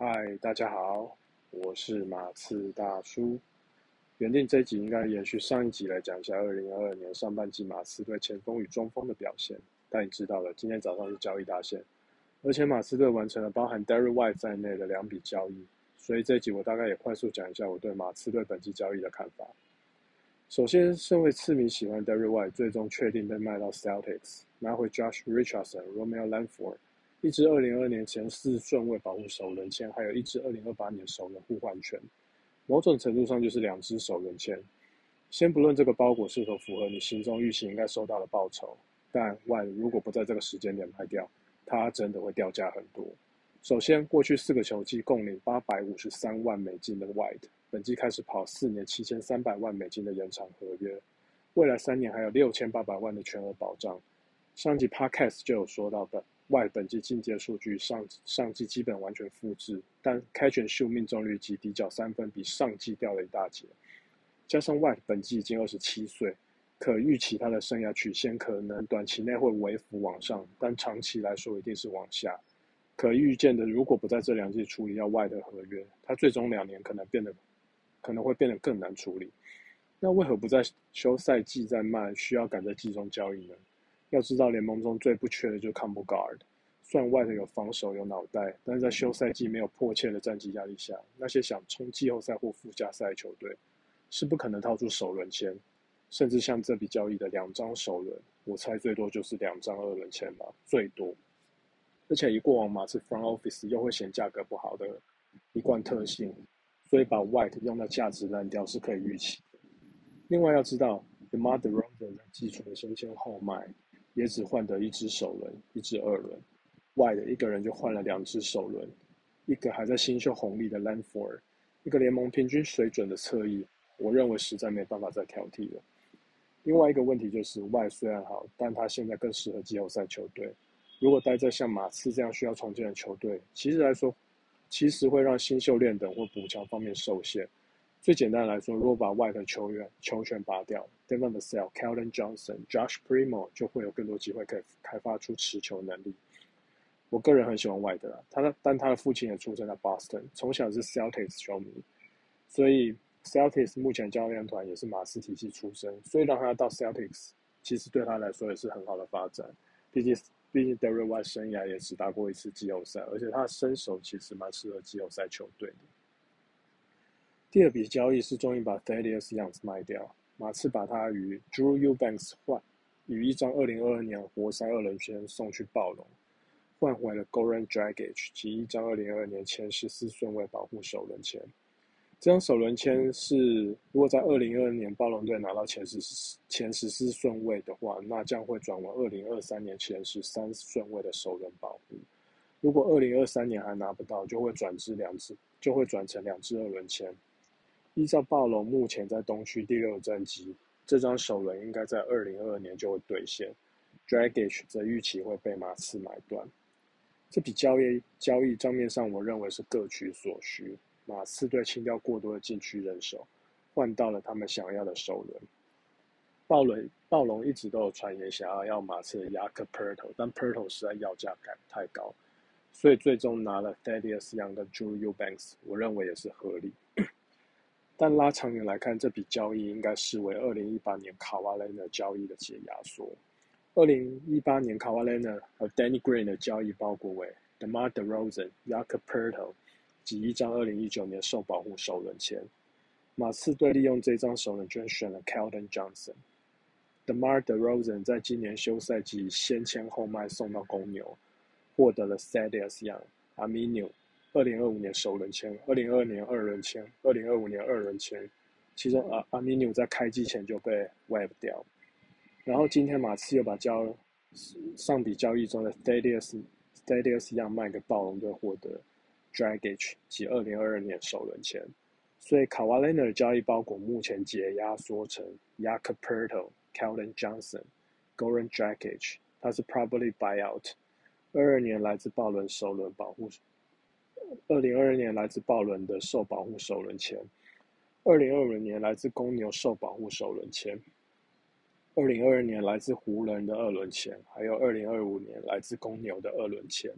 嗨，Hi, 大家好，我是馬刺大叔。原定這集應該延續上一集來講一下二零二二年上半季馬刺隊前鋒與中鋒的表現，但你知道了，今天早上是交易大限，而且馬刺隊完成了包含 Derrick White 在內的兩筆交易，所以這集我大概也快速講一下我對馬刺隊本季交易的看法。首先，身為刺迷喜歡 Derrick White，最終確定被賣到 Celtics，拿回 Josh Richardson、Romeo Langford。一支二零二二年前四順位保護首輪籤，還有一支二零二八年首輪互換權，某種程度上就是兩支首輪籤。先不論這個包裹是否符合你心中預期應該收到的報酬，但萬一如果不在這個時間點賣掉，它真的會掉價很多。首先，過去四個球季共領八百五十三萬美金的 White，本季開始跑四年七千三百萬美金的延長合約，未來三年還有六千八百萬的全額保障。上集 Podcast 就有說到的。Y 本季進階數據上上季基本完全複制，但開球秀命中率及底角三分比上季掉了一大截。加上 White 本季已經二十七歲，可預期他的生涯曲線可能短期內會微幅往上，但長期來說一定是往下。可預見的，如果不在這兩季處理掉 White 的合約，他最終兩年可能變得可能會變得更難處理。那為何不在休賽季再賣，需要趕在季中交易呢？要知道，聯盟中最不缺的就是 Combo Guard，雖然 White 有防守有腦袋，但是在休賽季沒有迫切的戰績壓力下，那些想衝季後賽或附加賽的球隊是不可能掏出首輪簽，甚至像這筆交易的兩張首輪，我猜最多就是兩張二輪簽吧，最多。而且一過往馬刺 Front Office 又會嫌價格不好的一貫特性，所以把 White 用到價值爛掉是可以預期的。另外要知道，DeMar DeRozan 在季初的先簽後賣，也只換得一支首輪、一支二輪 White 一個人就換了兩支首輪，一個還在新秀紅利的 Langford，一個聯盟平均水準的側翼，我認為實在沒辦法再挑剔了。另外一個問題就是 White 雖然好，但他現在更適合季後賽球隊，如果待在像馬刺這樣需要重建的球隊，其實來說其實會讓新秀練等或補強方面受限。最簡單來說，如果把 White 球員球權拔掉，Devin Vassell、Keldon Johnson、Josh Primo 就會有更多機會可以開發出持球能力。我個人很喜歡 White 啊，他的但他的父親也出生在 Boston，從小是 Celtics 球迷，所以 Celtics 目前教練團也是馬刺體系出身，所以讓他到 Celtics 其實對他來說也是很好的發展。畢竟畢竟 Derrick White 生涯也只打過一次季後賽，而且他的身手其實蠻適合季後賽球隊的。第二筆交易是終於把 Thaddeus Young 賣掉，馬刺把他與 Drew Eubanks 換，與一張2022年活塞二輪籤送去暴龍，換回了 Goran Dragic 以及一張2022年前十四順位保護首輪籤。這張首輪籤是如果在2022年暴龍隊拿到前十四、前十四順位的話，那將會轉為2023年前十三順位的首輪保護。如果2023年還拿不到，就會轉至兩支、就會轉成兩支二輪籤。依照暴龍目前在東區第六戰績，這張首輪應該在二零二二年就會兌現。Dragic 則預期會被馬刺買斷。這筆交易交易賬面上，我認為是各取所需。馬刺隊清掉過多的禁區人手，換到了他們想要的首輪。暴龍暴龍一直都有傳言想要要馬刺的雅克·普爾特，但普爾特實在要價太高，所以最終拿了 Thaddeus Young 跟 Drew Eubanks，我認為也是合理。但拉長遠來看，這筆交易應該視為2018年 Kawhi Leonard 交易的解壓縮。2018年 Kawhi Leonard 和 Danny Green 的交易包裹為 DeMar DeRozan、Jakob Poeltl 及一張2019年受保護首輪籤。馬刺隊利用這張首輪籤選了 Keldon Johnson。DeMar DeRozan 在今年休賽季先簽後賣送到公牛，獲得了 Thaddeus Young、Aminu 二零二五年首輪簽，二零二二年二輪簽，二零二五年二輪簽。其中阿阿米紐在開季前就被 waive 掉。然後今天馬刺又把交上筆交易中的 Thaddeus，Thaddeus 一樣賣給暴龍隊，獲得 Dragic 及二零二二年首輪簽。所以 Kawhi Leonard 的交易包裹目前解壓縮成 Jakob Poeltl、Keldon Johnson、Goran Dragic，他是 Probably Buyout。二二年來自暴龍首輪保護。二零二二年來自暴龍的受保護首輪籤，二零二五年來自公牛受保護首輪籤，二零二二年來自湖人的二輪籤，還有二零二五年來自公牛的二輪籤。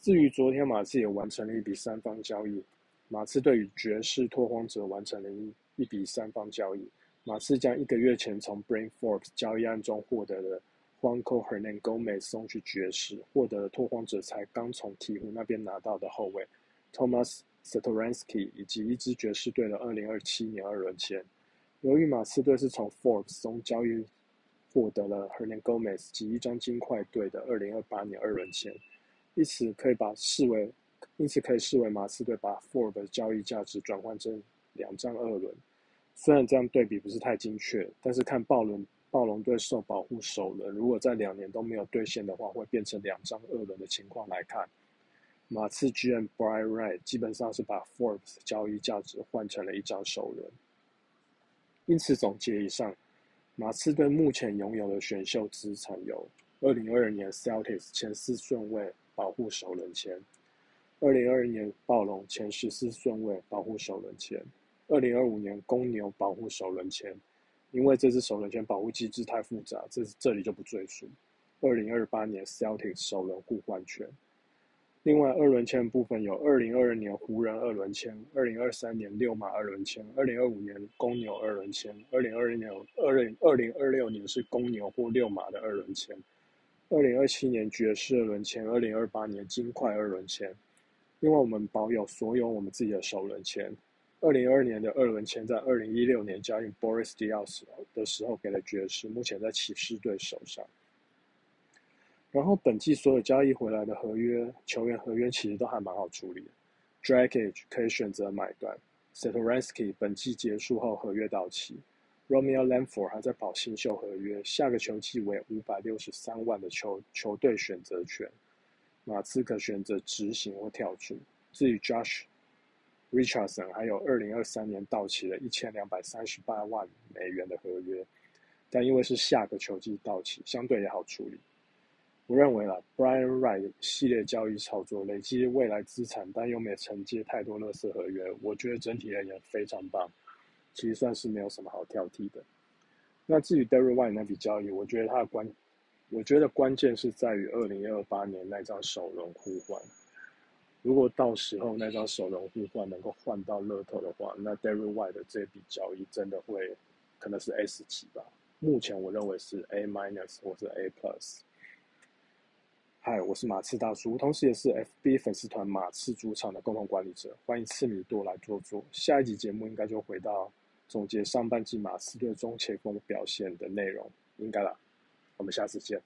至於昨天，馬刺也完成了一筆三方交易，馬刺隊與爵士、拓荒者完成了一一筆三方交易，馬刺將一個月前從 Bryn Forbes 交易案中獲得的。Hernan Gomez 送去爵士，獲得了拓荒者才剛從鹈鶘那邊拿到的後衛 Thomas Satoransky，以及一支爵士隊的二零二七年二輪籤。由於馬刺隊是從 Forbes 中交易獲得了 Hernan Gomez 及一張金塊隊的二零二八年二輪籤，因此可以把視為，因此可以視為馬刺隊把 Forbes 的交易價值轉換成兩張二輪。雖然這樣對比不是太精確，但是看暴輪。暴龍隊受保護首輪，如果在兩年都沒有兌現的話，會變成兩張二輪的情況來看。馬刺 GM Brian Wright 基本上是把 Forbes 交易價值換成了一張首輪。因此，總結以上，馬刺隊目前擁有的選秀資產有：2022年 Celtics 前四順位保護首輪籤，2022年暴龍前十四順位保護首輪籤，2025年公牛保護首輪籤。因為這支首輪籤保護機制太複雜，這這裡就不贅述。二零二八年 Celtics 首輪互換權，另外二輪籤的部分有二零二二年湖人二輪籤，二零二三年六馬二輪籤，二零二五年公牛二輪籤，二零二零年二零二零二六年是公牛或六馬的二輪籤，二零二七年爵士二輪籤，二零二八年金塊二輪籤，另外我們保有所有我們自己的首輪籤。二零二二年的二輪籤在二零一六年交易 Boris Diaw 的時候給了爵士，目前在騎士隊手上。然後本季所有交易回來的合約球員合約其實都還蠻好處理，Dragic 可以選擇買斷，Satoransky 本季結束後合約到期，Romeo Langford 還在保新秀合約，下個球季為五百六十三萬的球球隊選擇權，馬刺可選擇執行或跳出。至於 Josh。Richardson 還有二零二三年到期的一千兩百三十八萬美元的合約，但因為是下個球季到期，相對也好處理。我認為啊，Brian Wright 系列交易操作累積未來資產，但又沒承接太多垃圾合約，我覺得整體而言非常棒，其實算是沒有什麼好挑剔的。那至於 Derrick White 那筆交易，我覺得他的關，我覺得關鍵是在於二零二八年那張首輪互換。如果到時候那張首輪互換能夠換到樂透的話，那 Derrick White 的這筆交易真的會可能是 S 級吧？目前我認為是 A minus 或是 A plus。嗨，我是馬刺大叔，同時也是 FB 粉絲團馬刺主場的共同管理者。歡迎赤米多來坐坐。下一集節目應該就回到總結上半季馬刺隊中前鋒表現的內容，應該啦，我們下次見。